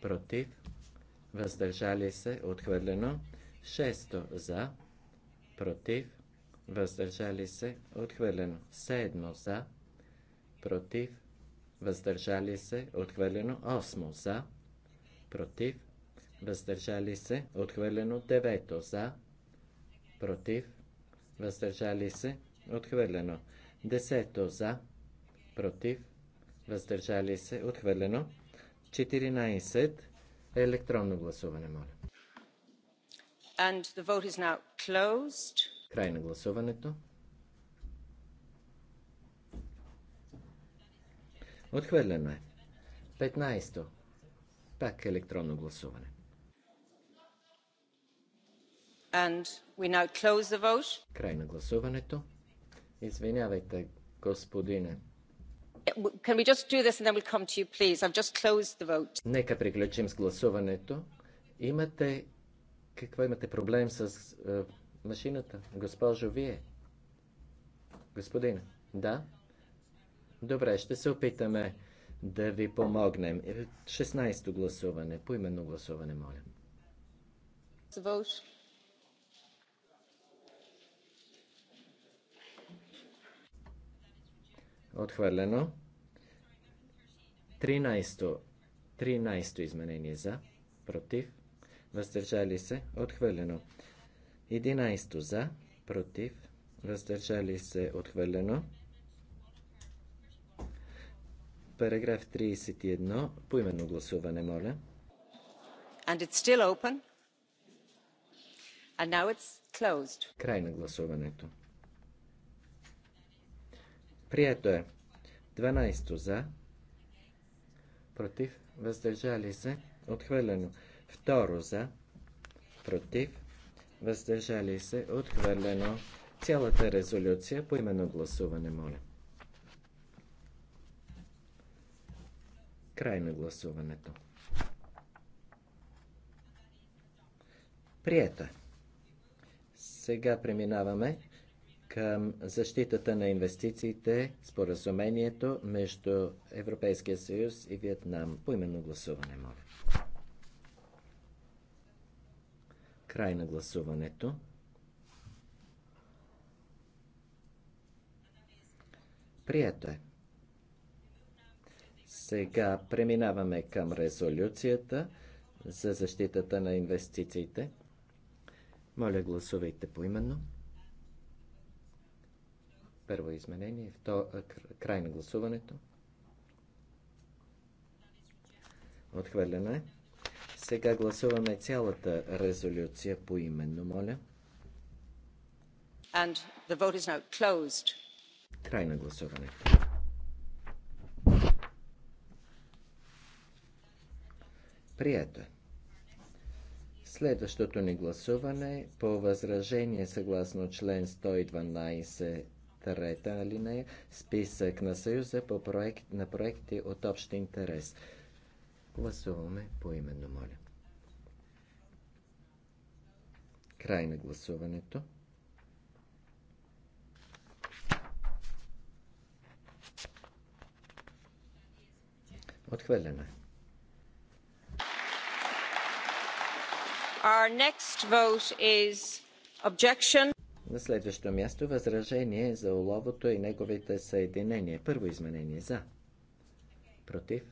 против, въздържали се, отхвърлено. Шесто за, против, въздържали се, отхвърлено. Седмо за, против, въздържали се, отхвърлено. Осмо за, против, въздържали се, отхвърлено. Девето за, против, въздържали се, отхвърлено. Десето за, против, въздържали се, отхвърлено. 14. Електронно гласуване, моля. And the vote is now closed. Край на гласуването. Отхвърлено е. 15. Пак електронно гласуване. And we now close the vote. Край на гласуването. Извинявайте, господине. Нека приключим с гласуването. Имате... Какво имате проблем с е, машината? Госпожо, вие? Господин? Да? Добре, ще се опитаме да ви помогнем. 16-то е, гласуване, поименно гласуване, моля. Отхвърлено. 13. 13 изменение за, против, въздържали се, отхвърлено. 11 за, против, въздържали се, отхвърлено. Параграф 31, поименно гласуване, моля. And it's still open. And now it's closed. Край на гласуването. Прието е. 12 за, против, въздържали се, отхвърлено. Второ за, против, въздържали се, отхвърлено. Цялата резолюция по именно гласуване, моля. Край на гласуването. Прието е. Сега преминаваме към защитата на инвестициите, споразумението между Европейския съюз и Виетнам. По именно гласуване, моля. Край на гласуването. Прието е. Сега преминаваме към резолюцията за защитата на инвестициите. Моля, гласувайте поименно. Първо изменение, вто, край на гласуването. Отхвърлено е. Сега гласуваме цялата резолюция по именно, моля. And the vote is now closed. Край на гласуването. Прието е. Следващото ни гласуване по възражение съгласно член 112 Трета алинея – списък на Съюза по проект, на проекти от общ интерес. Гласуваме поименно, моля. Край на гласуването. Отхвърлена. Е. Our next vote is objection. На следващо място възражение за уловото и неговите съединения. Първо изменение за. Против.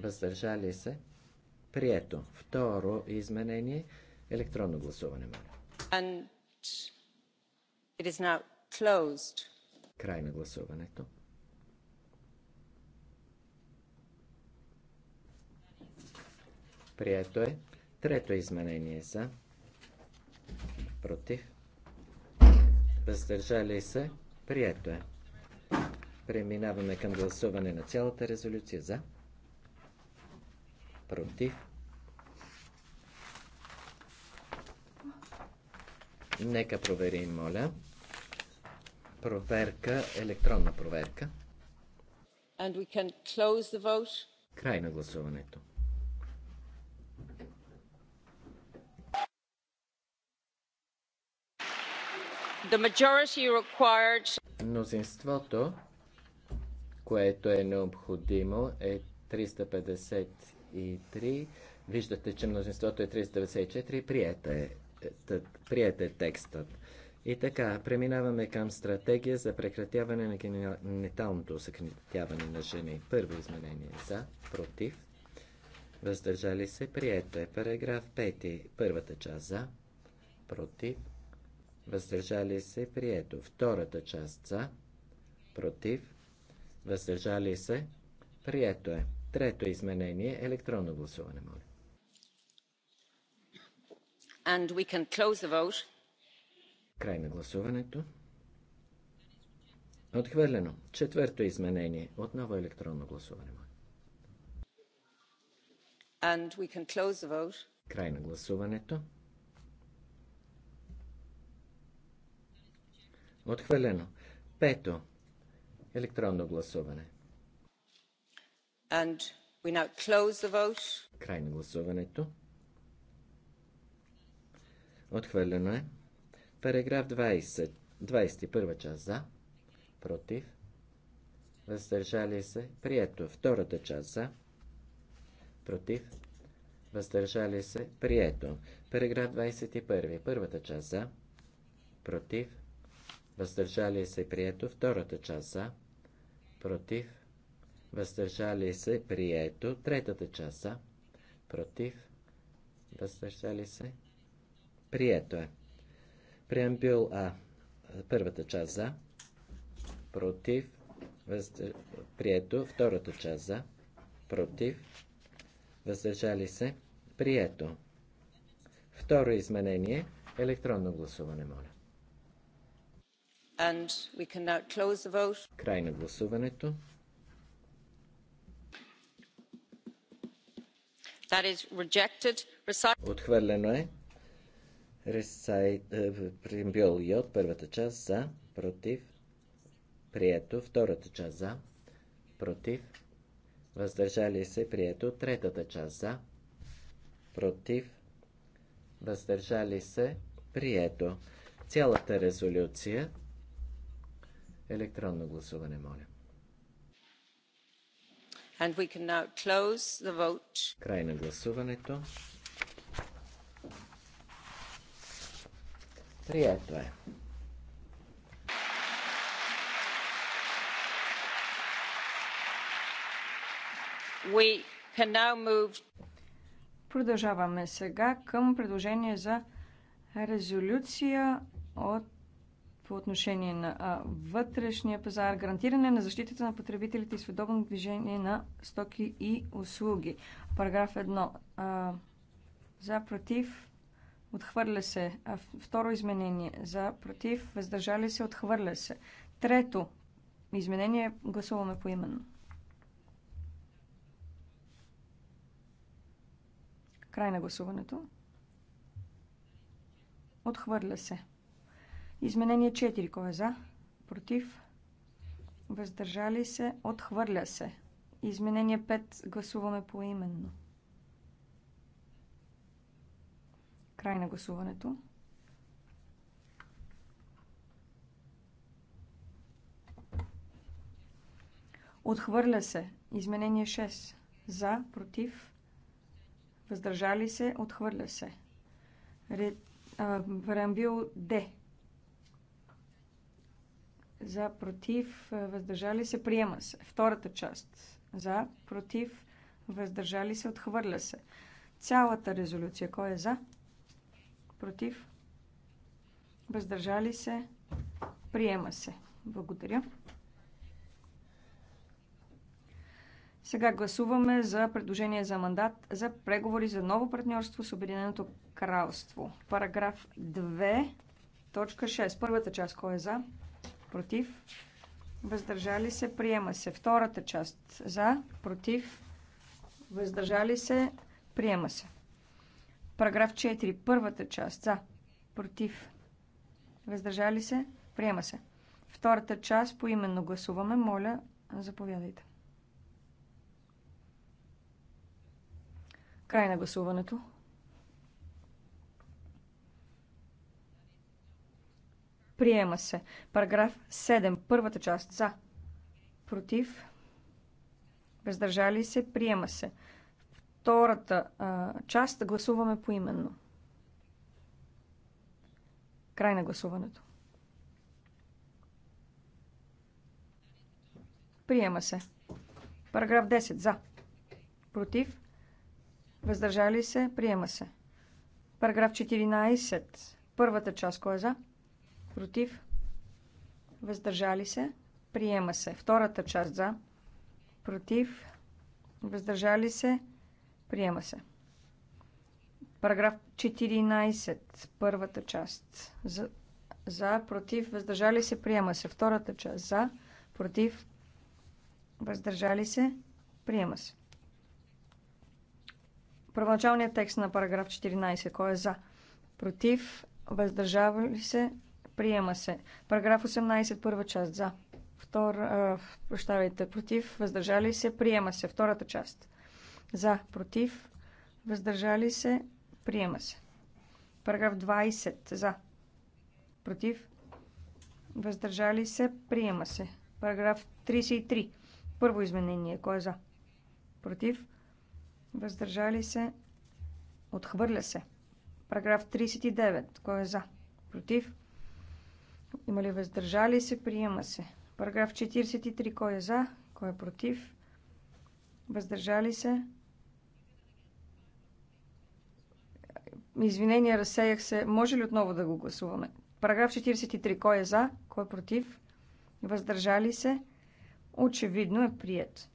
Въздържали се. Прието. Второ изменение. Електронно гласуване, моля. Край на гласуването. Прието е. Трето изменение за. Против въздържали се, прието е. Преминаваме към гласуване на цялата резолюция за, против, Нека проверим, моля. Проверка, електронна проверка. And we can close the vote. Край на гласуването. Мнозинството, което е необходимо, е 353. Виждате, че мнозинството е 394. Приета е, е прият е текстът. И така, преминаваме към стратегия за прекратяване на гениталното съкнетяване на жени. Първо изменение за, против, въздържали се, прието е. Параграф 5, първата част за, против, въздържали се, прието. Втората част за, против, въздържали се, прието е. Трето изменение, електронно гласуване, моля. And we can close the vote. Край на гласуването. Отхвърлено. Четвърто изменение. Отново електронно гласуване. And we can close the vote. Край на гласуването. Отхвърлено. Пето. Електронно гласуване. And we now close the vote. Край на гласуването. Отхвърлено е. Параграф 20. 21 част за. Против. Въздържали се. Прието. Втората част за. Против. Въздържали се. Прието. Параграф 21. Първата част за. Против въздържали се прието, втората част за, против, въздържали се прието, третата част за, против, въздържали се, прието е. Преамбюл А, първата част за, против, въздър... прието, втората част за, против, въздържали се, прието. Второ изменение, електронно гласуване, моля. Край на гласуването. Отхвърлено е. Примбюл е, и от първата част за, против, прието, втората част за, против, въздържали се, прието, третата част за, против, въздържали се, прието. Цялата резолюция Електронно гласуване, моля. And we can now close the vote. Край на гласуването. Прието е. We can now move... Продължаваме сега към предложение за резолюция от по отношение на вътрешния пазар, гарантиране на защитата на потребителите и свободно движение на стоки и услуги. Параграф 1. А, за, против, отхвърля се. А, второ изменение. За, против, въздържали се, отхвърля се. Трето изменение гласуваме поименно. Край на гласуването. Отхвърля се. Изменение 4. Кой е за? Против? Въздържали се? Отхвърля се. Изменение 5. Гласуваме поименно. Край на гласуването. Отхвърля се. Изменение 6. За, против, въздържали се, отхвърля се. Ре... А, преамбил Д за, против, въздържали се, приема се. Втората част за, против, въздържали се, отхвърля се. Цялата резолюция, кой е за, против, въздържали се, приема се. Благодаря. Сега гласуваме за предложение за мандат за преговори за ново партньорство с Обединеното кралство. Параграф 2, точка 6. Първата част, кой е за? против, въздържали се, приема се. Втората част за, против, въздържали се, приема се. Параграф 4, първата част за, против, въздържали се, приема се. Втората част по именно гласуваме. Моля, заповядайте. Край на гласуването. Приема се. Параграф 7. Първата част. За. Против. Въздържали се. Приема се. Втората а, част гласуваме поименно. Край на гласуването. Приема се. Параграф 10. За. Против. Въздържали се. Приема се. Параграф 14. Първата част. Кой е за? против, въздържали се, приема се. Втората част за, против, въздържали се, приема се. Параграф 14, първата част. За, за, против, въздържали се, приема се. Втората част. За, против, въздържали се, приема се. Първоначалният текст на параграф 14. Кой е за? Против, въздържали се, Приема се. Параграф 18, първа част. За. а, прощавайте, против, въздържали се. Приема се. Втората част. За, против, въздържали се. Приема се. Параграф 20. За. Против. Въздържали се. Приема се. Параграф 33. Първо изменение. Кой е за? Против. Въздържали се. Отхвърля се. Параграф 39. Кой е за? Против. Има ли въздържали се? Приема се. Параграф 43. Кой е за? Кой е против? Въздържали се? Извинения, разсеях се. Може ли отново да го гласуваме? Параграф 43. Кой е за? Кой е против? Въздържали се? Очевидно е прият.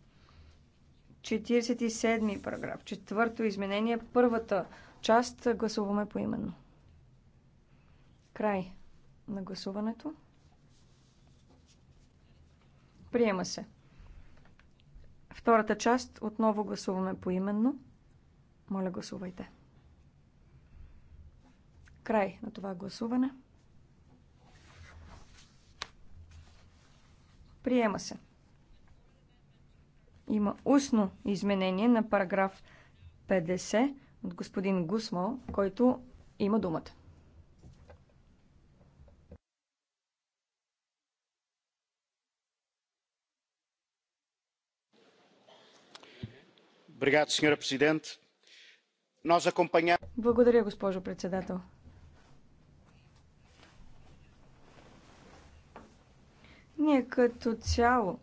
47 параграф. Четвърто изменение. Първата част гласуваме поименно. Край на гласуването. Приема се. Втората част отново гласуваме поименно. Моля, гласувайте. Край на това гласуване. Приема се. Има устно изменение на параграф 50 от господин Гусмал, който има думата. Благодаря, госпожо председател. Ние като цяло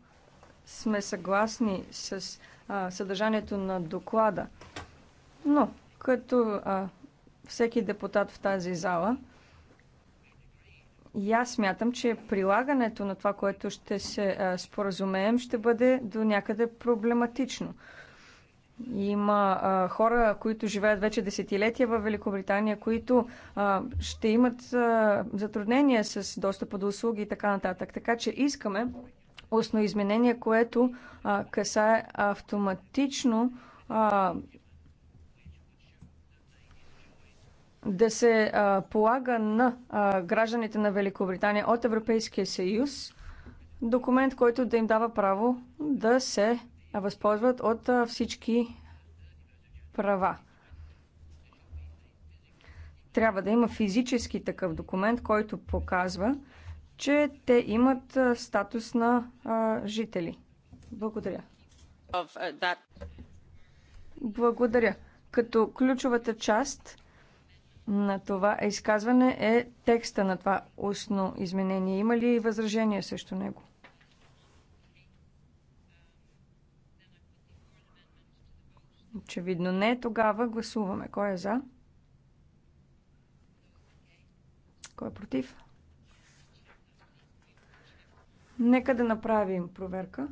сме съгласни с а, съдържанието на доклада, но като а, всеки депутат в тази зала, и аз смятам, че прилагането на това, което ще се а, споразумеем, ще бъде до някъде проблематично. Има а, хора, които живеят вече десетилетия в Великобритания, които а, ще имат а, затруднения с достъпа до услуги и така нататък. Така че искаме устно изменение, което а, касае автоматично а, да се а, полага на а, гражданите на Великобритания от Европейския съюз документ, който да им дава право да се възползват от всички права. Трябва да има физически такъв документ, който показва, че те имат статус на жители. Благодаря. Благодаря. Като ключовата част на това изказване е текста на това устно изменение. Има ли възражение срещу него? Очевидно не. Тогава гласуваме. Кой е за? Кой е против? Нека да направим проверка.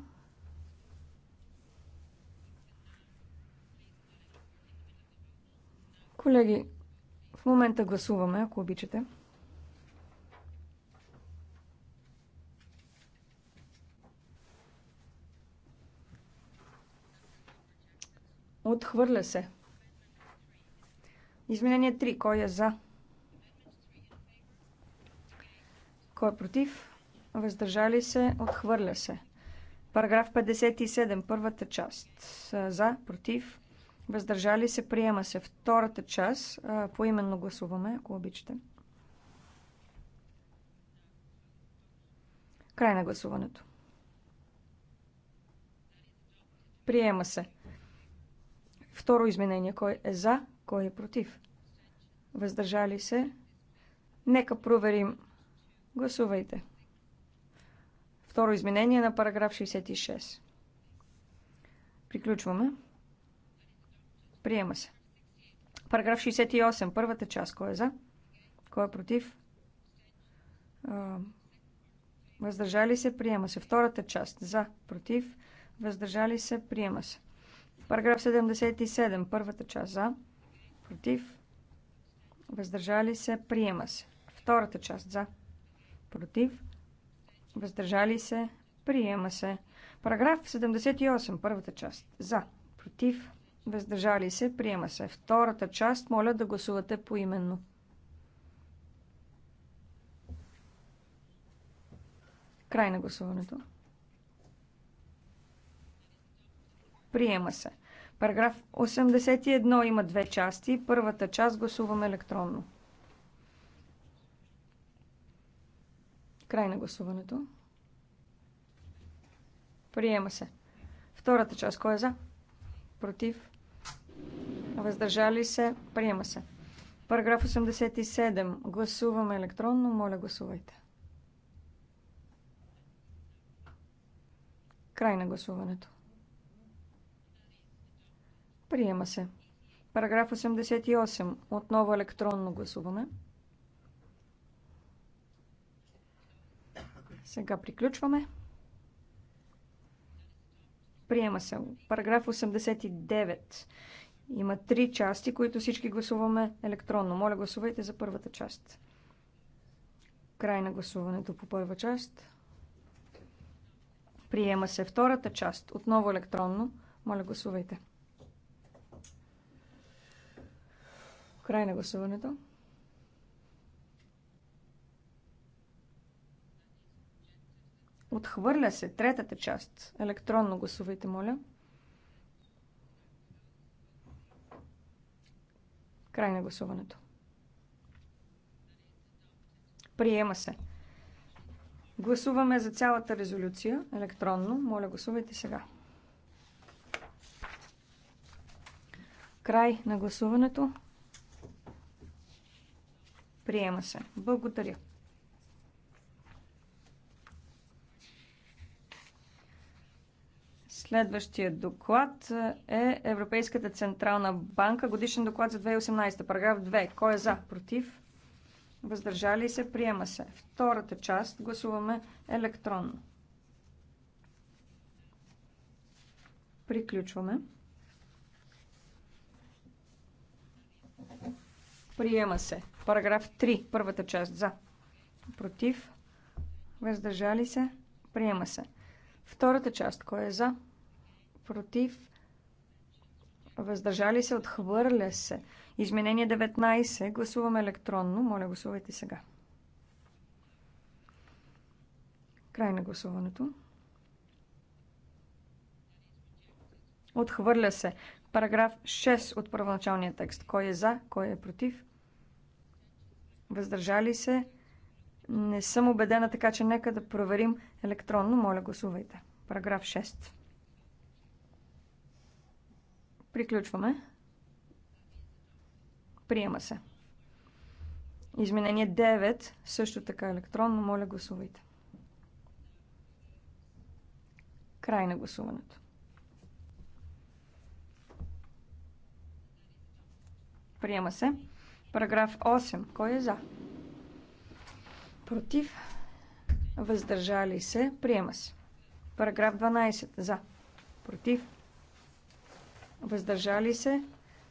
Колеги, в момента гласуваме, ако обичате. Отхвърля се. Изменение 3. Кой е за? Кой е против? Въздържали се? Отхвърля се. Параграф 57. Първата част. За, против. Въздържали се? Приема се. Втората част. Поименно гласуваме, ако обичате. Край на гласуването. Приема се. Второ изменение. Кой е за, кой е против? Въздържали се? Нека проверим. Гласувайте. Второ изменение на параграф 66. Приключваме. Приема се. Параграф 68. Първата част. Кой е за? Кой е против? Въздържали се? Приема се. Втората част. За, против? Въздържали се? Приема се. Параграф 77, първата част за, против, въздържали се, приема се. Втората част за, против, въздържали се, приема се. Параграф 78, първата част за, против, въздържали се, приема се. Втората част, моля да гласувате поименно. Край на гласуването. Приема се. Параграф 81 има две части. Първата част гласуваме електронно. Край на гласуването. Приема се. Втората част. Кой е за? Против? Въздържали се? Приема се. Параграф 87. Гласуваме електронно. Моля, гласувайте. Край на гласуването. Приема се. Параграф 88. Отново електронно гласуване. Сега приключваме. Приема се. Параграф 89. Има три части, които всички гласуваме електронно. Моля, гласувайте за първата част. Край на гласуването по първа част. Приема се втората част. Отново електронно. Моля, гласувайте. Край на гласуването. Отхвърля се третата част. Електронно гласувайте, моля. Край на гласуването. Приема се. Гласуваме за цялата резолюция електронно. Моля, гласувайте сега. Край на гласуването. Приема се. Благодаря. Следващия доклад е Европейската централна банка. Годишен доклад за 2018. Параграф 2. Кой е за? Против? Въздържали се? Приема се. Втората част гласуваме електронно. Приключваме. Приема се. Параграф 3, първата част за. Против. Въздържали се. Приема се. Втората част, кой е за? Против. Въздържали се. Отхвърля се. Изменение 19. Гласуваме електронно. Моля, гласувайте сега. Край на гласуването. Отхвърля се. Параграф 6 от първоначалния текст. Кой е за, кой е против? въздържали се. Не съм убедена, така че нека да проверим електронно. Моля, гласувайте. Параграф 6. Приключваме. Приема се. Изменение 9, също така електронно. Моля, гласувайте. Край на гласуването. Приема се. Параграф 8. Кой е за? Против. Въздържали се. Приема се. Параграф 12. За. Против. Въздържали се.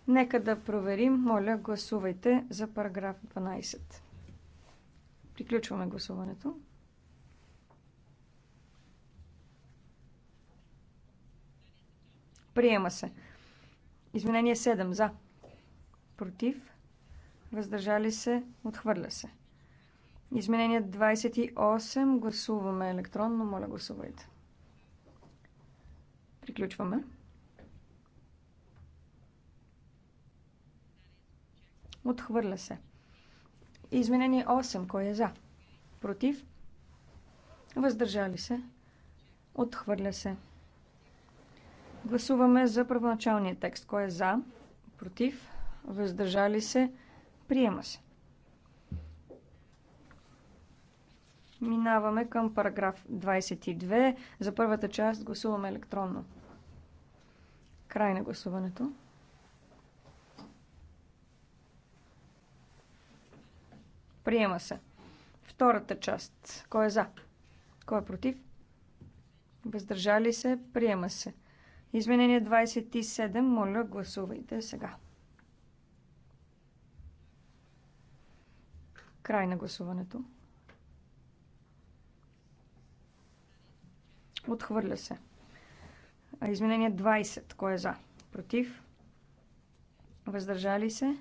Нека да проверим. Моля, гласувайте за параграф 12. Приключваме гласуването. Приема се. Изменение 7. За. Против въздържали се, отхвърля се. Изменение 28. Гласуваме електронно. Моля, гласувайте. Приключваме. Отхвърля се. Изменение 8. Кой е за? Против? Въздържали се. Отхвърля се. Гласуваме за първоначалния текст. Кой е за? Против? Въздържали се? Приема се. Минаваме към параграф 22. За първата част гласуваме електронно. Край на гласуването. Приема се. Втората част. Кой е за? Кой е против? Въздържали се? Приема се. Изменение 27. Моля, гласувайте сега. Край на гласуването. Отхвърля се. Изменение 20. Кой е за? Против? Въздържали се?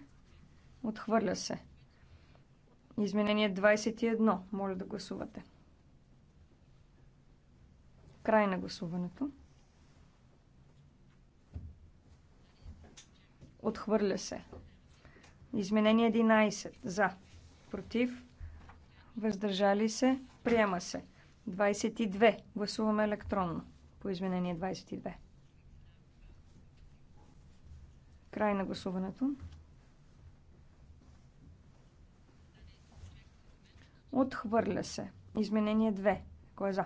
Отхвърля се. Изменение 21. Моля да гласувате. Край на гласуването. Отхвърля се. Изменение 11. За против, въздържали се, приема се. 22. Гласуваме електронно по изменение 22. Край на гласуването. Отхвърля се. Изменение 2. Кой е за?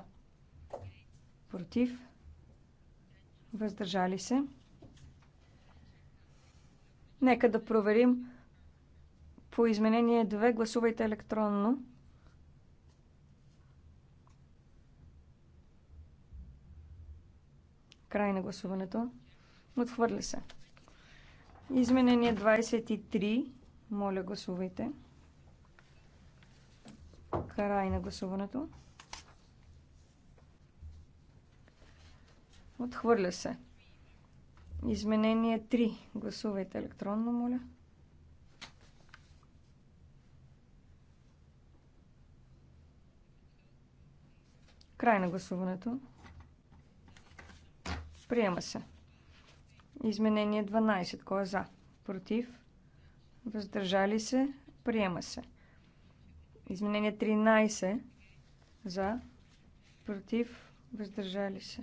Против. Въздържали се. Нека да проверим по изменение 2 гласувайте електронно. Край на гласуването. Отхвърля се. Изменение 23. Моля, гласувайте. Край на гласуването. Отхвърля се. Изменение 3. Гласувайте електронно, моля. Край на гласуването. Приема се. Изменение 12. Кой е за? Против? Въздържали се? Приема се. Изменение 13. За? Против? Въздържали се?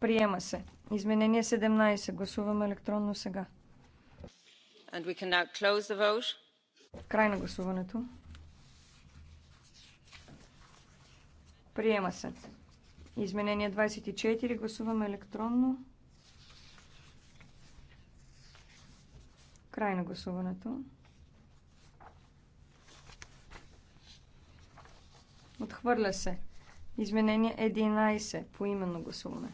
Приема се. Изменение 17. Гласуваме електронно сега. Край на гласуването. Приема се. Изменение 24. Гласуваме електронно. Край на гласуването. Отхвърля се. Изменение 11. по именно гласуване.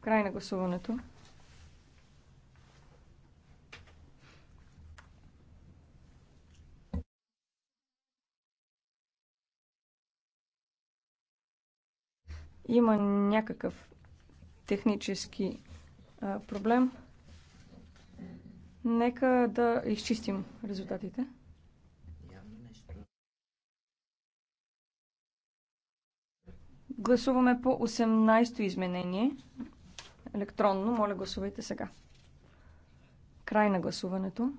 Край на гласуването. Има някакъв технически а, проблем. Нека да изчистим резултатите. Гласуваме по 18-то изменение. Електронно, моля гласувайте сега. Край на гласуването.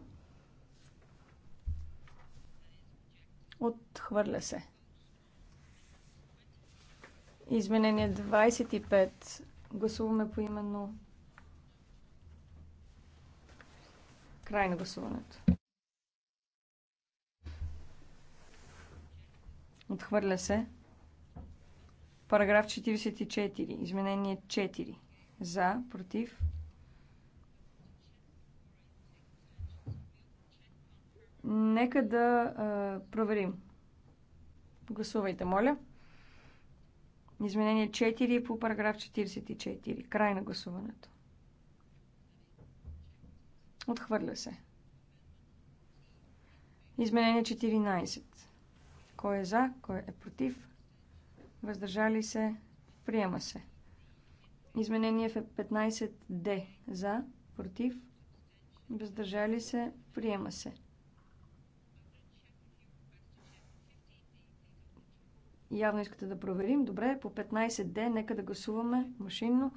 Отхвърля се. Изменение 25. Гласуваме по именно. Край на гласуването. Отхвърля се. Параграф 44. Изменение 4. За, против. Нека да а, проверим. Гласувайте, моля. Изменение 4 по параграф 44. Край на гласуването. Отхвърля се. Изменение 14. Кой е за, кой е против? Въздържали се? Приема се. Изменение в 15 Д. За, против? Въздържали се? Приема се. Явно искате да проверим. Добре, по 15D нека да гласуваме машинно.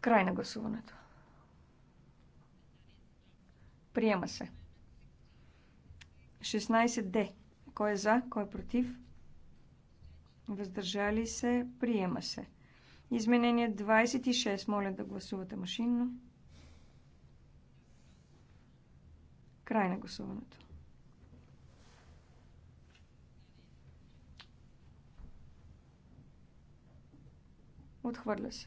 Край на гласуването. Приема се. 16D. Кой е за, кой е против? Въздържали се, приема се. Изменение 26. Моля да гласувате машинно. Край на гласуването. Отхвърля се.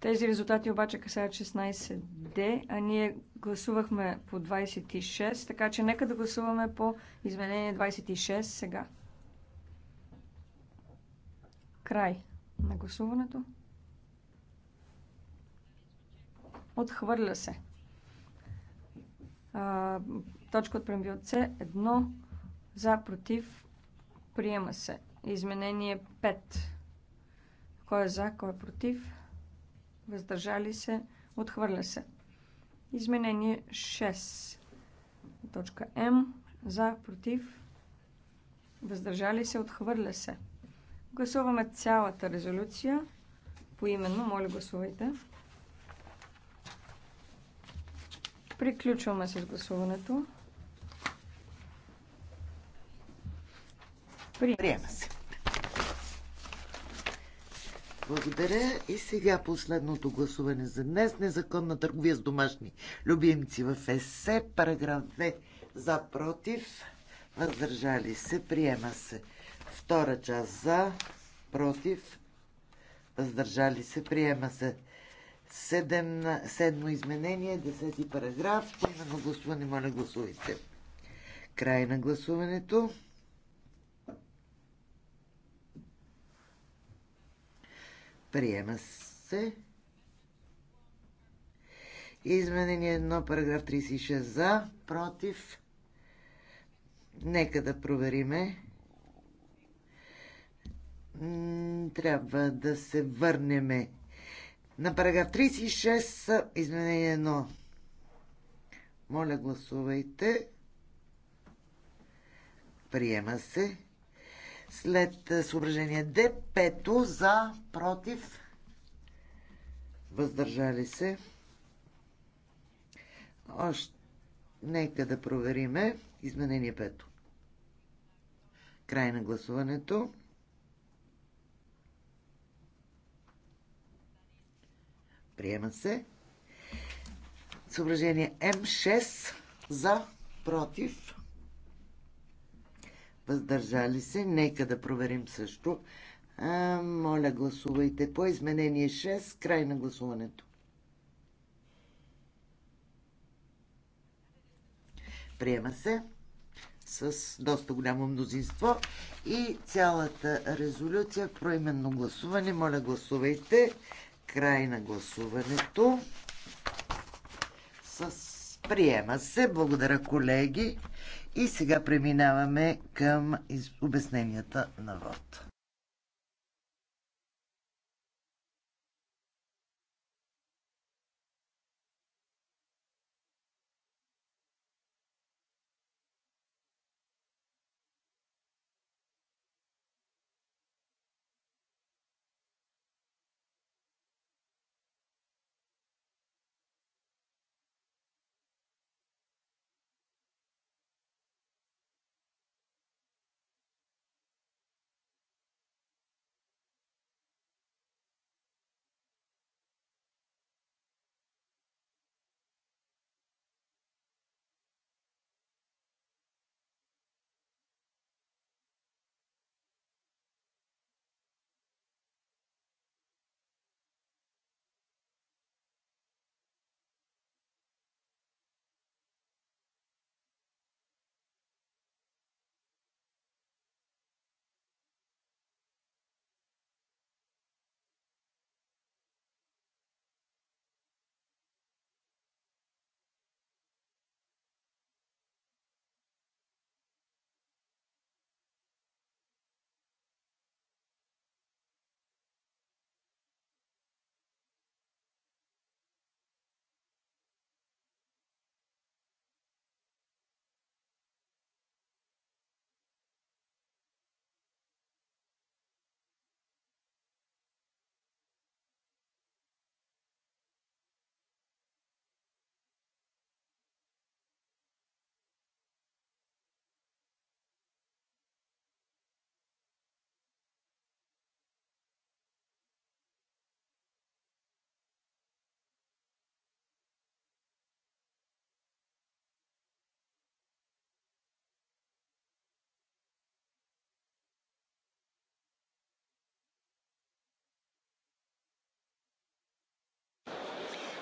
Тези резултати обаче касаят 16D, а ние гласувахме по 26, така че нека да гласуваме по изменение 26 сега. Край на гласуването. Отхвърля се точка от правил с едно, за против приема се. Изменение 5. Кой е за, кой е против? Въздържали се, отхвърля се. Изменение 6. Точка М. За, против. Въздържали се, отхвърля се. Гласуваме цялата резолюция. Поименно, моля гласувайте. Приключваме с гласуването. Приема се. Благодаря. И сега последното гласуване за днес. Незаконна търговия с домашни любимци в ЕСЕ. Параграф 2. За против. Въздържали се. Приема се. Втора част за. Против. Въздържали се. Приема се седмо изменение, 10 параграф. Поименно гласуване, моля гласувайте. Край на гласуването. Приема се. Изменение 1, параграф 36 за, против. Нека да провериме. Трябва да се върнеме на параграф 36, изменение 1. Моля, гласувайте. Приема се. След съображение Д, пето за, против, въздържали се. Още нека да провериме изменение пето. Край на гласуването. Приема се. Съображение М6 за, против, въздържали се. Нека да проверим също. А, моля, гласувайте по изменение 6, край на гласуването. Приема се с доста голямо мнозинство и цялата резолюция про проименно гласуване. Моля, гласувайте. Край на гласуването. С приема се. Благодаря, колеги. И сега преминаваме към обясненията на вод.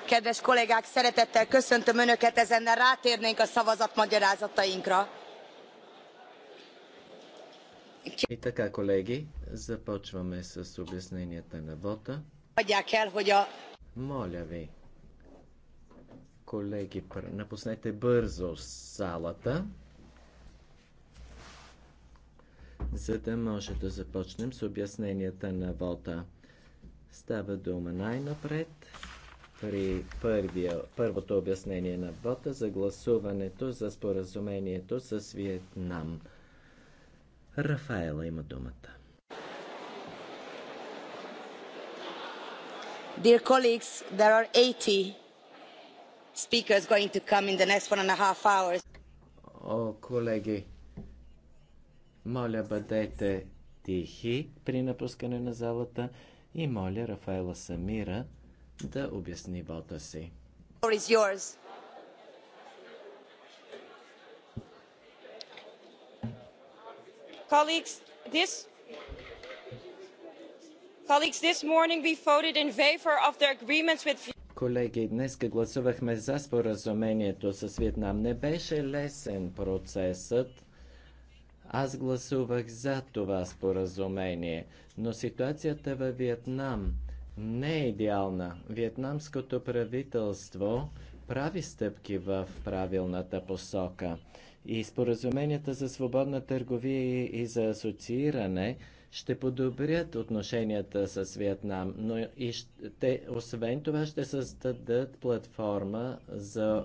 Kedves kollégák, szeretettel köszöntöm Önöket, ezennel rátérnénk a szavazatmagyarázatainkra. И така, колеги, започваме с обясненията на вота. Моля ви, колеги, напуснете бързо салата, за да може да започнем с обясненията на вота. Става дума най-напред при първия, първото обяснение на вота за гласуването за споразумението с Виетнам. Рафаела има думата. Dear colleagues, there are 80 speakers going to come in the next one and a half hours. О, колеги, моля бъдете тихи при напускане на залата и моля Рафаела Самира да обясни вота си. колеги, днес гласувахме за споразумението с Виетнам. Не беше лесен процесът. Аз гласувах за това споразумение, но ситуацията във Виетнам не е идеална. Виетнамското правителство прави стъпки в правилната посока и споразуменията за свободна търговия и за асоцииране ще подобрят отношенията с Виетнам, но и ще, освен това ще създадат платформа за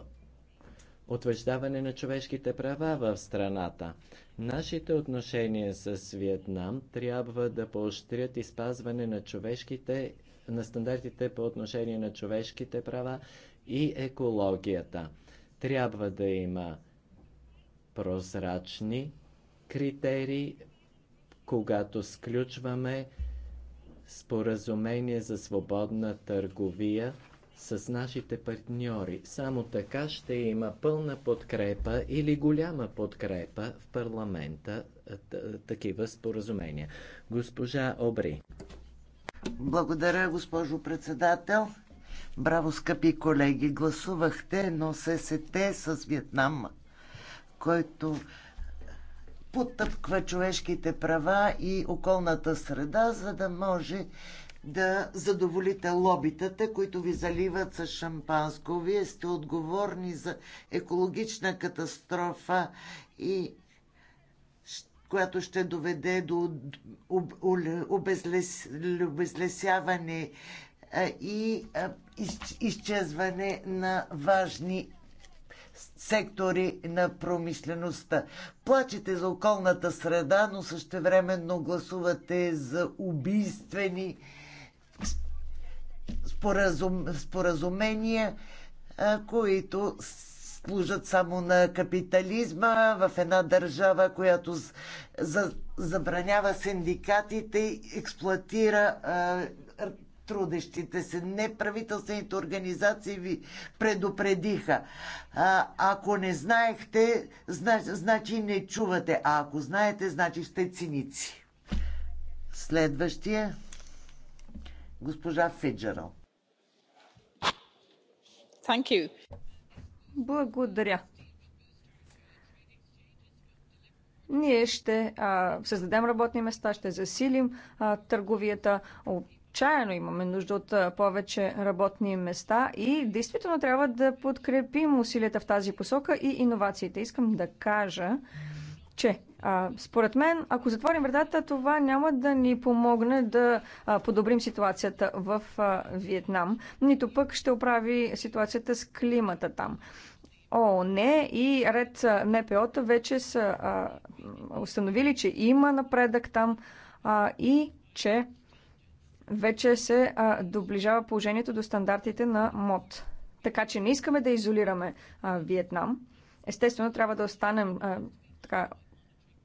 утвърждаване на човешките права в страната. Нашите отношения с Виетнам трябва да поощрят изпазване на човешките на стандартите по отношение на човешките права и екологията. Трябва да има прозрачни критерии, когато сключваме споразумение за свободна търговия с нашите партньори. Само така ще има пълна подкрепа или голяма подкрепа в парламента такива споразумения. Госпожа Обри. Благодаря, госпожо председател. Браво, скъпи колеги! Гласувахте, но се сете с Вьетнам, който потъпква човешките права и околната среда, за да може да задоволите лобитата, които ви заливат с шампанско. Вие сте отговорни за екологична катастрофа и която ще доведе до обезлесяване и изчезване на важни сектори на промишлеността. Плачете за околната среда, но същевременно гласувате за убийствени споразум... споразумения, които служат само на капитализма в една държава, която за, забранява синдикатите и експлуатира трудещите се. Неправителствените организации ви предупредиха. А, ако не знаехте, зна, значи не чувате. А ако знаете, значи сте циници. Следващия госпожа you. Благодаря. Ние ще а, създадем работни места, ще засилим а, търговията. Отчаяно имаме нужда от а, повече работни места и действително трябва да подкрепим усилията в тази посока и иновациите. Искам да кажа, че а, според мен, ако затворим вратата, това няма да ни помогне да а, подобрим ситуацията в а, Виетнам, нито пък ще оправи ситуацията с климата там. не, и ред НПО-та вече са а, установили, че има напредък там а, и че вече се а, доближава положението до стандартите на МОД. Така че не искаме да изолираме а, Виетнам. Естествено, трябва да останем а, така,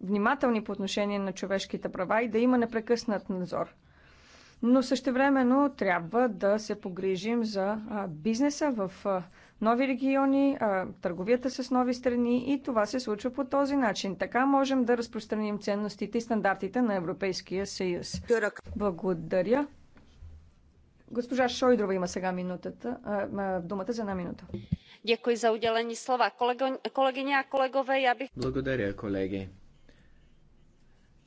внимателни по отношение на човешките права и да има непрекъснат надзор. Но същевременно трябва да се погрижим за бизнеса в нови региони, търговията с нови страни и това се случва по този начин. Така можем да разпространим ценностите и стандартите на Европейския съюз. Благодаря. Госпожа Шойдрова има сега минутата, думата за една минута. Děkuji за уделени слова. Колегиня, колегове, я já Благодаря, колеги.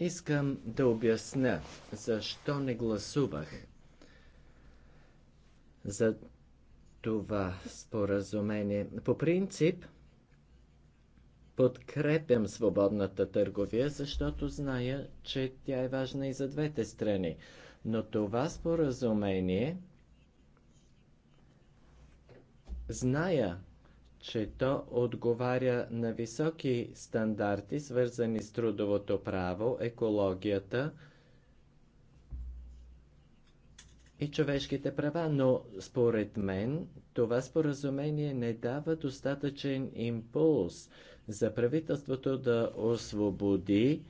Искам да обясня защо не гласувах за това споразумение. По принцип, подкрепям свободната търговия, защото зная, че тя е важна и за двете страни. Но това споразумение, зная, че то отговаря на високи стандарти, свързани с трудовото право, екологията и човешките права, но според мен това споразумение не дава достатъчен импулс за правителството да освободи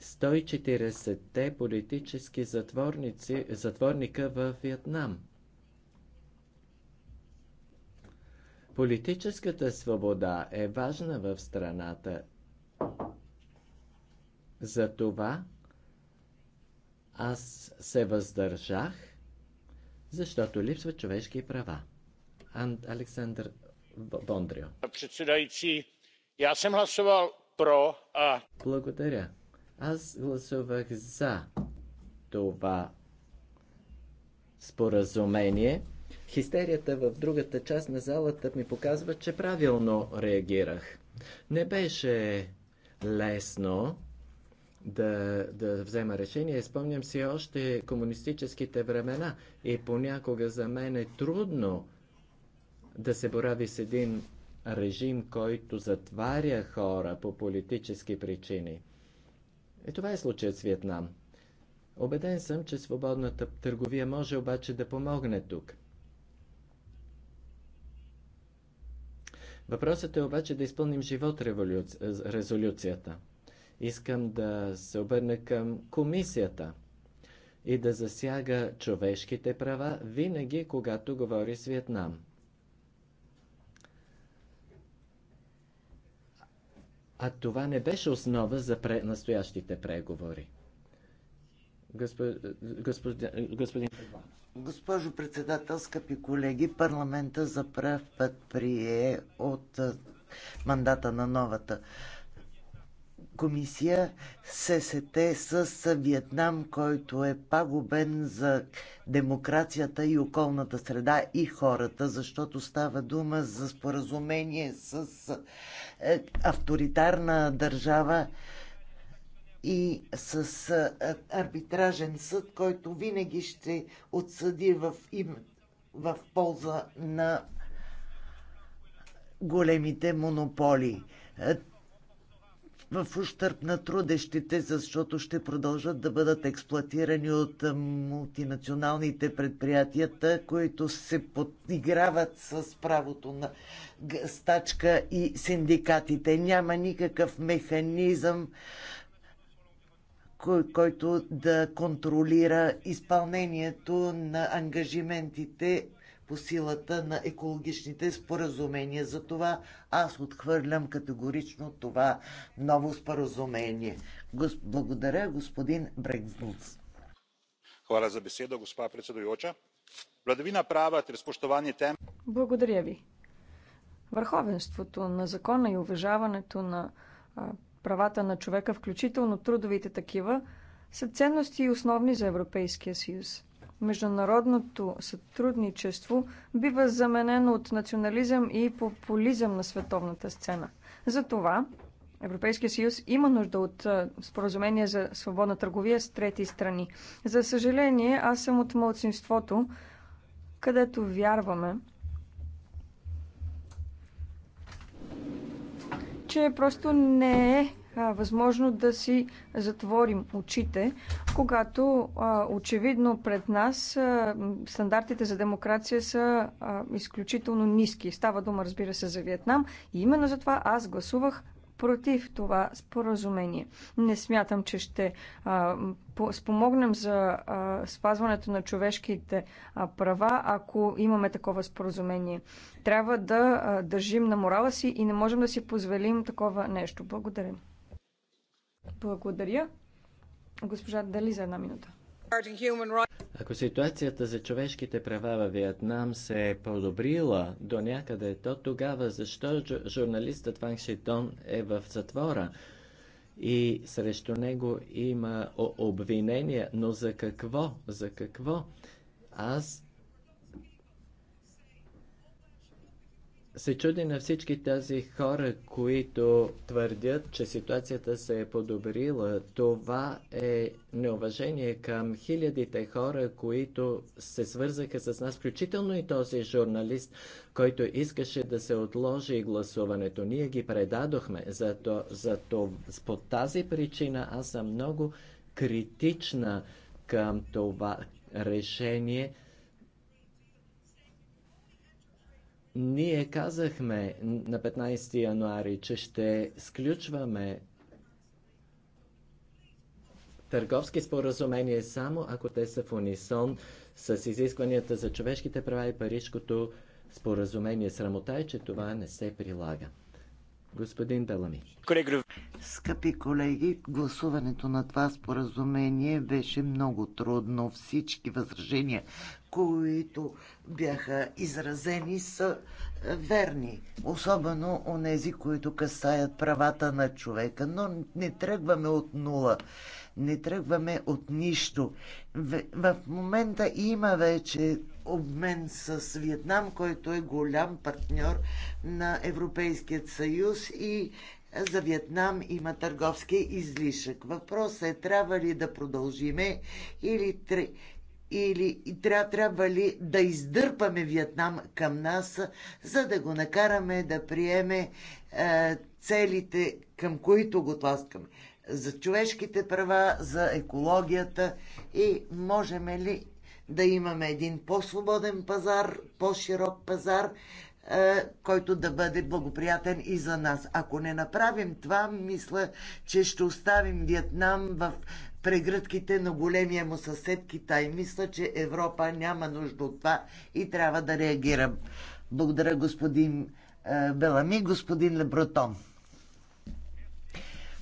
140-те политически затворници, затворника в Виетнам. Политическата свобода е важна в страната. Затова аз се въздържах, защото липсва човешки права. Анд Александър Бондрио. Председайци, я съм гласувал про, а... Благодаря. Аз гласувах за това споразумение – Хистерията в другата част на залата ми показва, че правилно реагирах. Не беше лесно да, да взема решение. Спомням си още комунистическите времена и понякога за мен е трудно да се борави с един режим, който затваря хора по политически причини. И е, това е случаят с Виетнам. Обеден съм, че свободната търговия може обаче да помогне тук – Въпросът е обаче да изпълним живот революци... резолюцията. Искам да се обърна към комисията и да засяга човешките права винаги, когато говори с Виетнам. А това не беше основа за пре... настоящите преговори. Господ... Господин... Господин Госпожо председател, скъпи колеги, парламента за прав път прие от мандата на новата комисия ССТ с Виетнам, който е пагубен за демокрацията и околната среда и хората, защото става дума за споразумение с авторитарна държава, и с арбитражен съд, който винаги ще отсъди в, им, в полза на големите монополи в ущърп на трудещите, защото ще продължат да бъдат експлуатирани от мултинационалните предприятията, които се подиграват с правото на стачка и синдикатите. Няма никакъв механизъм кой, който да контролира изпълнението на ангажиментите по силата на екологичните споразумения. Затова аз отхвърлям категорично това ново споразумение. Гос... Благодаря, господин Брекзнуц. Хвала за беседа, госпа председуюча. Владавина права, споштование тем. Благодаря ви. Върховенството на закона и уважаването на правата на човека, включително трудовите такива, са ценности и основни за Европейския съюз. Международното сътрудничество бива заменено от национализъм и популизъм на световната сцена. Затова Европейския съюз има нужда от споразумение за свободна търговия с трети страни. За съжаление, аз съм от младсинството, където вярваме, че просто не е възможно да си затворим очите, когато очевидно пред нас стандартите за демокрация са изключително ниски. Става дума, разбира се, за Виетнам и именно за това аз гласувах против това споразумение. Не смятам, че ще а, по, спомогнем за а, спазването на човешките а, права, ако имаме такова споразумение. Трябва да а, държим на морала си и не можем да си позволим такова нещо. Благодаря. Благодаря. Госпожа Дали за една минута. Ако ситуацията за човешките права във Виетнам се е подобрила до някъде, то тогава защо журналистът Ван Шитон е в затвора? И срещу него има обвинения, но за какво? За какво? Аз се чуди на всички тези хора, които твърдят, че ситуацията се е подобрила. Това е неуважение към хилядите хора, които се свързаха с нас, включително и този журналист, който искаше да се отложи гласуването. Ние ги предадохме. Зато, зато по тази причина аз съм много критична към това решение – Ние казахме на 15 януари, че ще сключваме търговски споразумения само ако те са в унисон с изискванията за човешките права и Парижкото споразумение. Срамота е, че това не се прилага. Господин Далами. Скъпи колеги, гласуването на това споразумение беше много трудно. Всички възражения, които бяха изразени, са е, верни. Особено онези, които касаят правата на човека. Но не тръгваме от нула. Не тръгваме от нищо. В, в момента има вече обмен с Виетнам, който е голям партньор на Европейският съюз и за Виетнам има търговски излишък. Въпросът е трябва ли да продължиме или, или тря, трябва ли да издърпаме Виетнам към нас, за да го накараме да приеме е, целите, към които го тласкаме. За човешките права, за екологията и можем ли да имаме един по-свободен пазар, по-широк пазар, е, който да бъде благоприятен и за нас. Ако не направим това, мисля, че ще оставим Виетнам в прегръдките на големия му съсед Китай. Мисля, че Европа няма нужда от това и трябва да реагира. Благодаря господин е, Белами, господин Лебротон.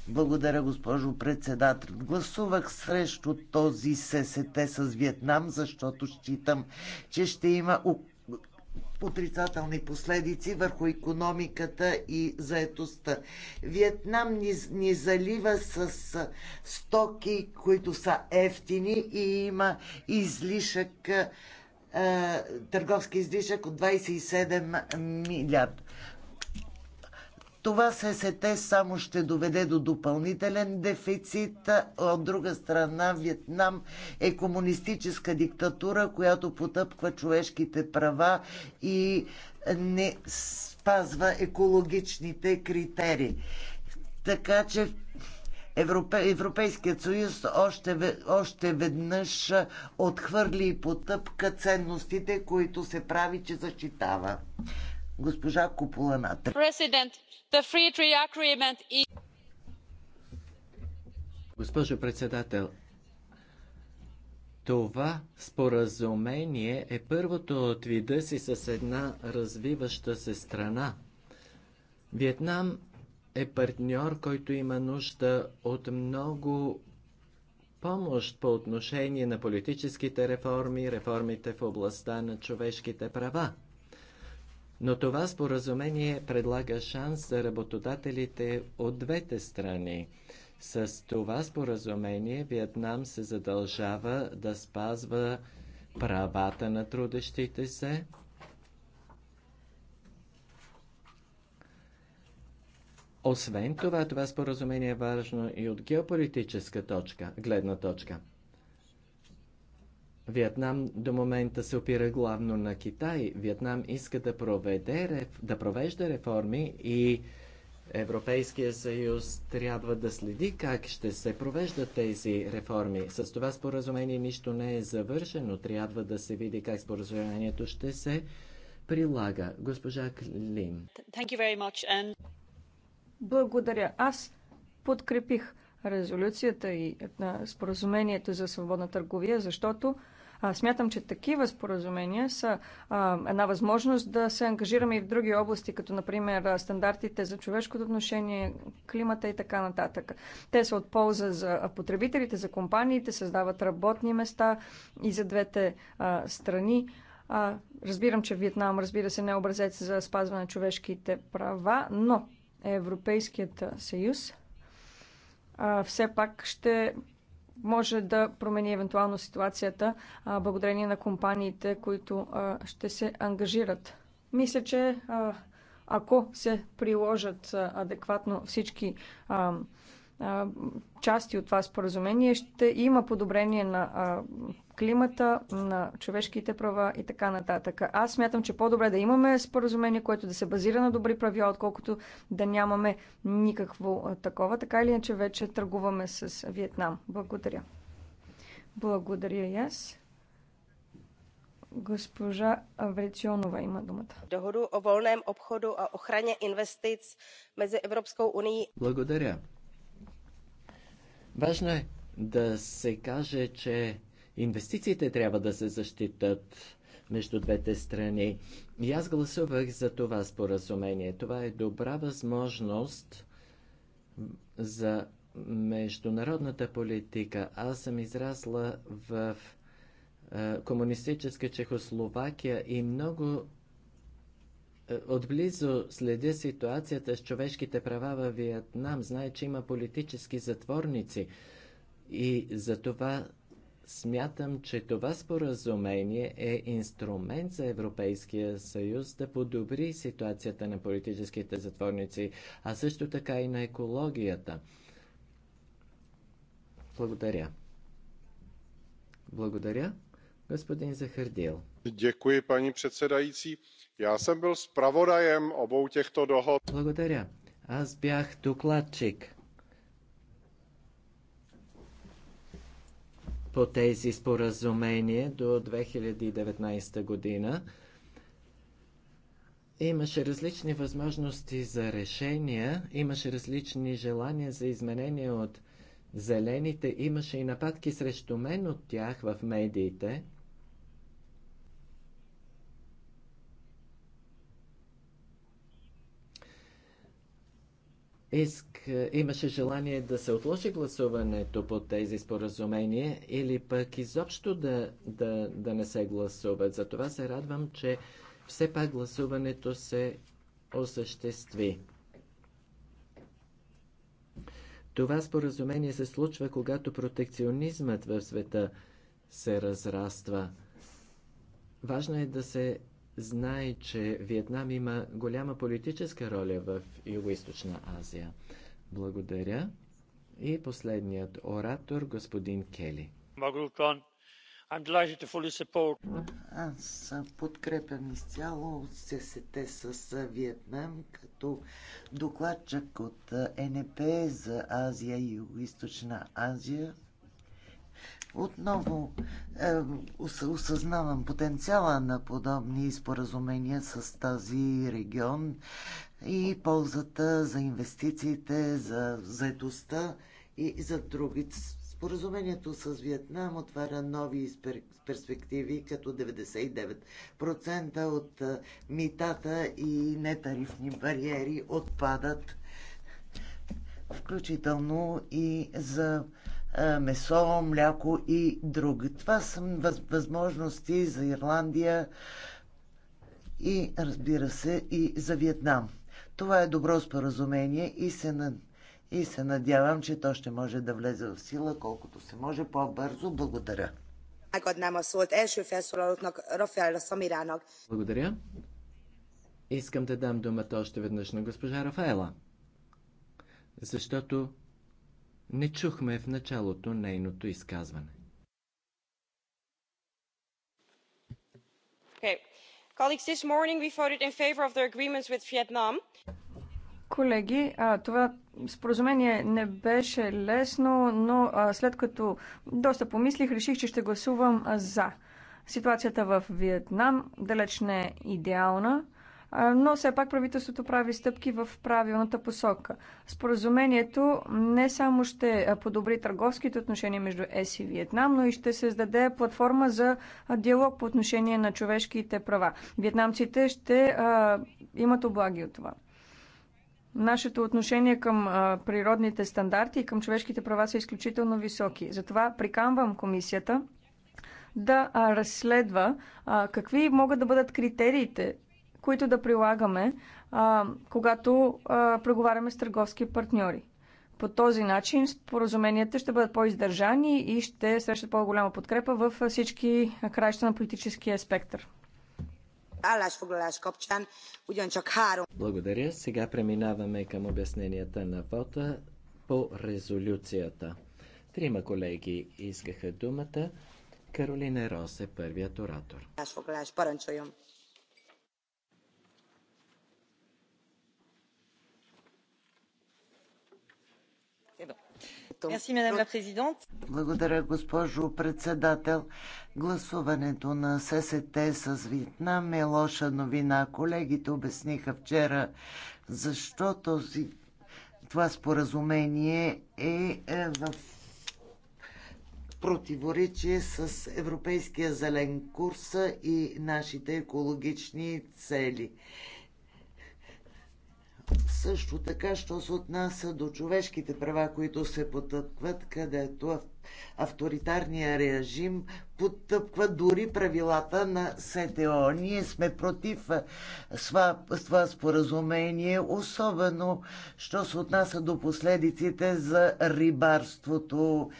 Благодаря, госпожо председател. Гласувах срещу този ССТ с Виетнам, защото считам, че ще има отрицателни последици върху економиката и заетостта. Виетнам ни, ни залива с стоки, които са ефтини и има излишък, е, търговски излишък от 27 милиард. Това ССТ само ще доведе до допълнителен дефицит. От друга страна, Виетнам е комунистическа диктатура, която потъпква човешките права и не спазва екологичните критерии. Така че Европе, Европейският съюз още, още веднъж отхвърли и потъпка ценностите, които се прави, че защитава. Госпожа Купола Госпожо председател, това споразумение е първото от вида си с една развиваща се страна. Виетнам е партньор, който има нужда от много помощ по отношение на политическите реформи, реформите в областта на човешките права. Но това споразумение предлага шанс за работодателите от двете страни. С това споразумение Виетнам се задължава да спазва правата на трудещите се, Освен това, това споразумение е важно и от геополитическа точка, гледна точка. Виетнам до момента се опира главно на Китай. Виетнам иска да, проведе, да провежда реформи и Европейския съюз трябва да следи как ще се провеждат тези реформи. С това споразумение нищо не е завършено. Трябва да се види как споразумението ще се прилага. Госпожа Клин. And... Благодаря. Аз подкрепих резолюцията и на споразумението за свободна търговия, защото а, смятам, че такива споразумения са а, една възможност да се ангажираме и в други области, като например стандартите за човешкото отношение, климата и така нататък. Те са от полза за потребителите, за компаниите, създават работни места и за двете а, страни. А, разбирам, че Виетнам, разбира се, не е образец за спазване на човешките права, но Европейският съюз а, все пак ще може да промени евентуално ситуацията а, благодарение на компаниите, които а, ще се ангажират. Мисля, че а, ако се приложат а, адекватно всички а, а, части от това споразумение, ще има подобрение на а, климата, на човешките права и така нататък. Аз смятам, че по-добре да имаме споразумение, което да се базира на добри правила, отколкото да нямаме никакво такова. Така или иначе вече търгуваме с Виетнам. Благодаря. Благодаря и аз. Госпожа Авреционова има думата. Догоду о волнém обходу a охране инвестиц mezi Европейската unii. Благодаря. Важно е да се каже, че Инвестициите трябва да се защитат между двете страни. И аз гласувах за това споразумение. Това е добра възможност за международната политика. Аз съм израсла в е, комунистическа Чехословакия и много е, отблизо следя ситуацията с човешките права във Виетнам. Знае, че има политически затворници и за това Смятам, че това споразумение е инструмент за Европейския съюз да подобри ситуацията на политическите затворници, а също така и на екологията. Благодаря. Благодаря, господин Захардил. Děkuji, paní předsedající. Já jsem byl zpravodajem obou těchto dohod. Благодаря. Аз бях докладчик по тези споразумения до 2019 година. Имаше различни възможности за решения, имаше различни желания за изменения от зелените, имаше и нападки срещу мен от тях в медиите. иск, имаше желание да се отложи гласуването по тези споразумения или пък изобщо да, да, да не се гласуват. Затова се радвам, че все пак гласуването се осъществи. Това споразумение се случва, когато протекционизмът в света се разраства. Важно е да се знае, че Виетнам има голяма политическа роля в Юго-Источна Азия. Благодаря. И последният оратор, господин Кели. Аз подкрепям изцяло ССТ с Виетнам като докладчик от е НП за Азия и Юго-Источна Азия. Отново е, осъзнавам потенциала на подобни споразумения с тази регион и ползата за инвестициите, за заедостта и за други. Споразумението с Виетнам отваря нови перспективи, като 99% от е, митата и нетарифни бариери отпадат, включително и за месо, мляко и други. Това са възможности за Ирландия и разбира се и за Виетнам. Това е добро споразумение и се, и се надявам, че то ще може да влезе в сила колкото се може по-бързо. Благодаря. Благодаря. Искам да дам думата още веднъж на госпожа Рафаела, защото не чухме в началото нейното изказване. Okay. Колеги, а, това споразумение не беше лесно, но а, след като доста помислих, реших, че ще гласувам за. Ситуацията в Виетнам далеч не е идеална но все пак правителството прави стъпки в правилната посока. Споразумението не само ще подобри търговските отношения между ЕС и Виетнам, но и ще създаде платформа за диалог по отношение на човешките права. Виетнамците ще а, имат облаги от това. Нашето отношение към а, природните стандарти и към човешките права са изключително високи. Затова приканвам комисията да разследва а, какви могат да бъдат критериите които да прилагаме, а, когато а, преговаряме с търговски партньори. По този начин споразуменията ще бъдат по-издържани и ще срещат по-голяма подкрепа в всички краища на политическия спектър. Благодаря. Сега преминаваме към обясненията на вота по резолюцията. Трима колеги искаха думата. Каролина Рос е първият оратор. Благодаря, госпожо председател. Гласуването на ССТ с Виетнам е лоша новина. Колегите обясниха вчера защо този, това споразумение е, е в противоречие с Европейския зелен курс и нашите екологични цели. Също така, що се отнася до човешките права, които се потъпкват, където авторитарния режим потъпква дори правилата на СТО. Ние сме против това, това споразумение, особено, що се отнася до последиците за рибарството.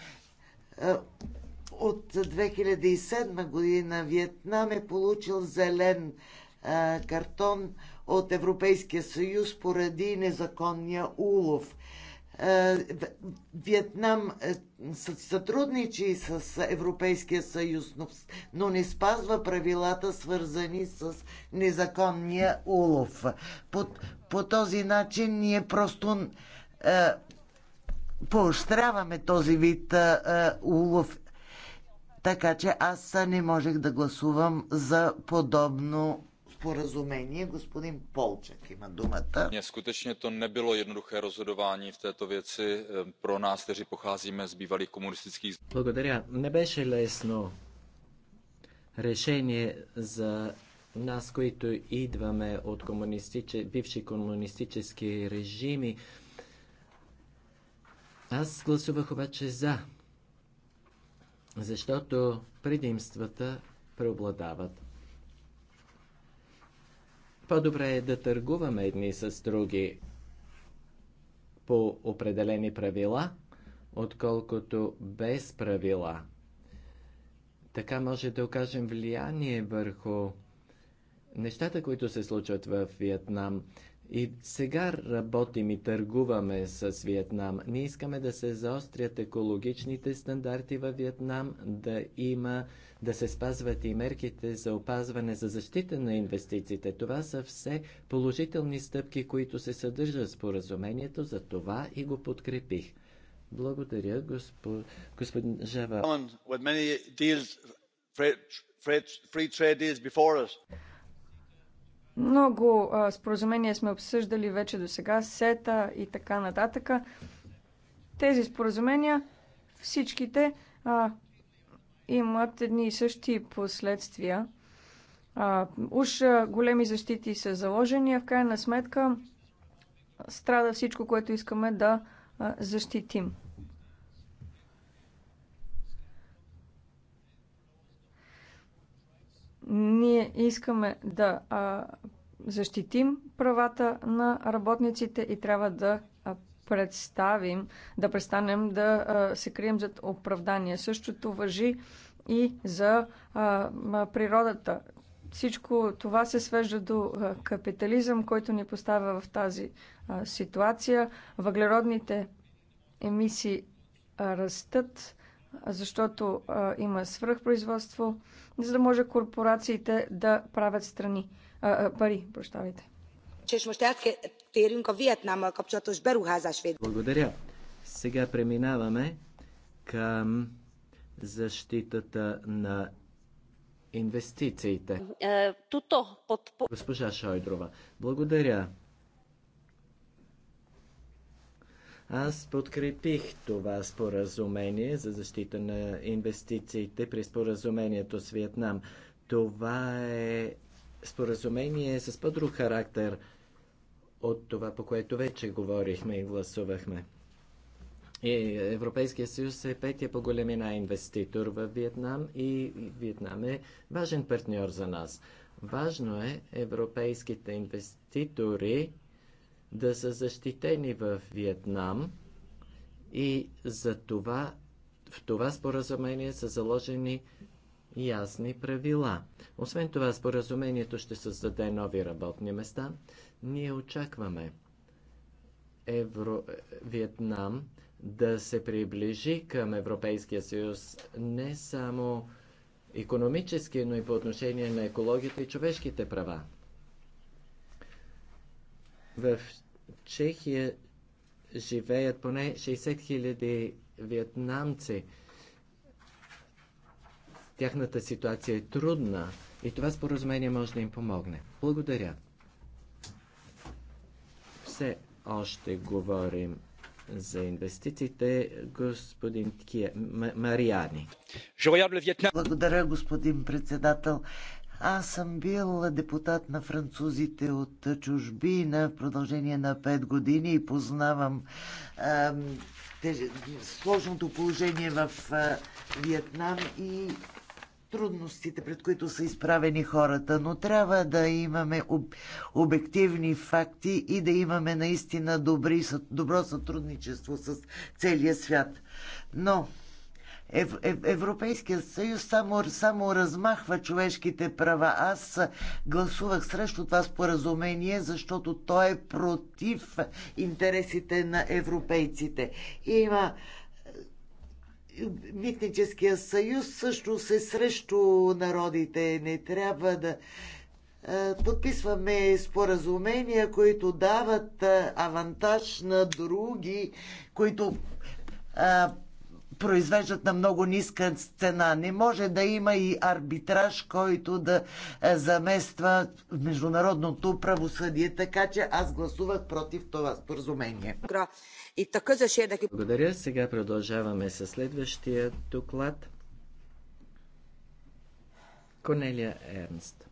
От 2007 година Виетнам е получил зелен картон от Европейския съюз поради незаконния улов. Е, Виетнам е, сътрудничи с Европейския съюз, но не спазва правилата, свързани с незаконния улов. По, по този начин ние просто е, поощряваме този вид е, е, улов. Така че аз не можех да гласувам за подобно споразумение. Господин Полчек има думата. Не, то не било еднодухе rozhodování в této věci про eh, нас, kteří pocházíme z bývalých komunistických... Благодаря. Не беше лесно решение за нас, които идваме от комунистиче, бивши комунистически режими. Аз гласувах обаче за, защото предимствата преобладават. По-добре е да търгуваме едни с други по определени правила, отколкото без правила. Така може да окажем влияние върху нещата, които се случват в Виетнам. И сега работим и търгуваме с Виетнам. Ние искаме да се заострят екологичните стандарти във Виетнам, да има да се спазват и мерките за опазване за защита на инвестициите. Това са все положителни стъпки, които се съдържат в споразумението, за това и го подкрепих. Благодаря, господин Жава. Много а, споразумения сме обсъждали вече до сега, сета и така нататък. Тези споразумения, всичките а, имат едни и същи последствия. А, уж големи защити са заложени, а в крайна сметка страда всичко, което искаме да а, защитим. Ние искаме да а, защитим правата на работниците и трябва да представим, да престанем да се крием зад оправдание. Същото въжи и за природата. Всичко това се свежда до капитализъм, който ни поставя в тази ситуация. Въглеродните емисии растат, защото има свръхпроизводство, за да може корпорациите да правят страни. А, пари, прощавайте. Благодаря. Сега преминаваме към защитата на инвестициите. Е, Госпожа Шойдрова, благодаря. Аз подкрепих това споразумение за защита на инвестициите при споразумението с Виетнам. Това е споразумение с по-друг характер – от това, по което вече говорихме и гласувахме. И Европейския съюз е петия по големина инвеститор в Виетнам и Виетнам е важен партньор за нас. Важно е европейските инвеститори да са защитени в Виетнам и за това в това споразумение са заложени ясни правила. Освен това, споразумението ще създаде нови работни места, ние очакваме Евро... Виетнам да се приближи към Европейския съюз не само економически, но и по отношение на екологията и човешките права. В Чехия живеят поне 60 000 вьетнамци. Тяхната ситуация е трудна и това споразумение може да им помогне. Благодаря все още говорим за инвестициите, господин Кия, Мариани. Благодаря, господин председател. Аз съм бил депутат на французите от чужбина в продължение на 5 години и познавам е, сложното положение в е, Виетнам и трудностите, пред които са изправени хората, но трябва да имаме об, обективни факти и да имаме наистина добри, добро сътрудничество с целия свят. Но Ев, Ев, Европейския съюз само, само размахва човешките права. Аз гласувах срещу това споразумение, защото то е против интересите на европейците. Има Митническия съюз също се срещу народите. Не трябва да е, подписваме споразумения, които дават е, авантаж на други, които е, произвеждат на много ниска цена. Не може да има и арбитраж, който да замества международното правосъдие. Така че аз гласувах против това споразумение. Благодаря. Сега продължаваме с следващия доклад. Конелия Ернст.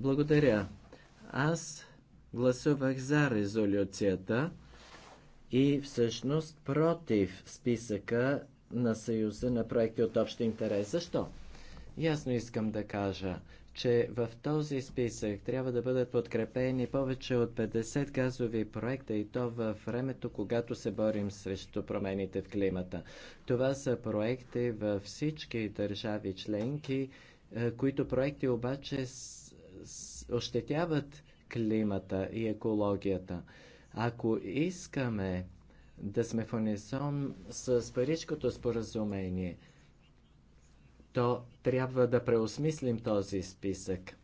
Благодаря. Аз гласувах за резолюцията и всъщност против списъка на Съюза на проекти от общ интерес. Защо? Ясно искам да кажа че в този списък трябва да бъдат подкрепени повече от 50 газови проекта и то в времето, когато се борим срещу промените в климата. Това са проекти във всички държави членки, е, които проекти обаче ощетяват климата и екологията. Ако искаме да сме в унисон с Парижкото споразумение – то трябва да преосмислим този списък.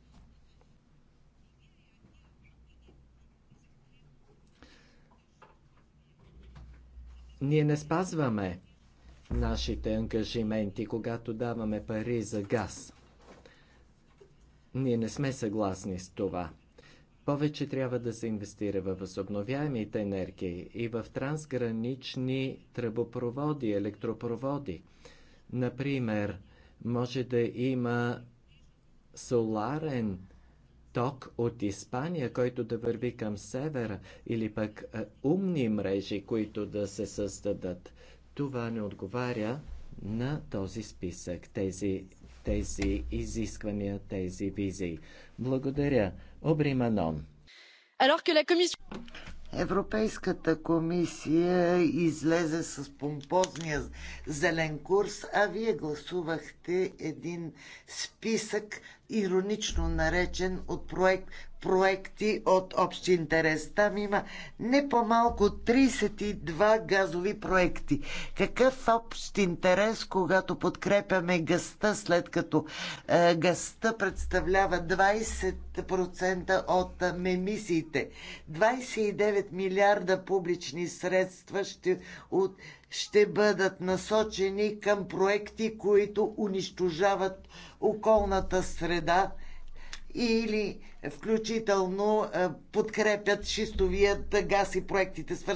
Ние не спазваме нашите ангажименти, когато даваме пари за газ. Ние не сме съгласни с това. Повече трябва да се инвестира във възобновяемите енергии и в трансгранични тръбопроводи, електропроводи. Например, може да има соларен ток от Испания, който да върви към севера, или пък умни мрежи, които да се създадат. Това не отговаря на този списък, тези, тези изисквания, тези визии. Благодаря. Обриманон. Alors que la Европейската комисия излезе с помпозния зелен курс, а вие гласувахте един списък, иронично наречен от проект проекти от общ интерес. Там има не по-малко 32 газови проекти. Какъв общ интерес, когато подкрепяме гъста, след като е, гъста представлява 20% от е, емисиите? 29 милиарда публични средства ще, от, ще бъдат насочени към проекти, които унищожават околната среда или включително подкрепят шистовият газ и проектите свързани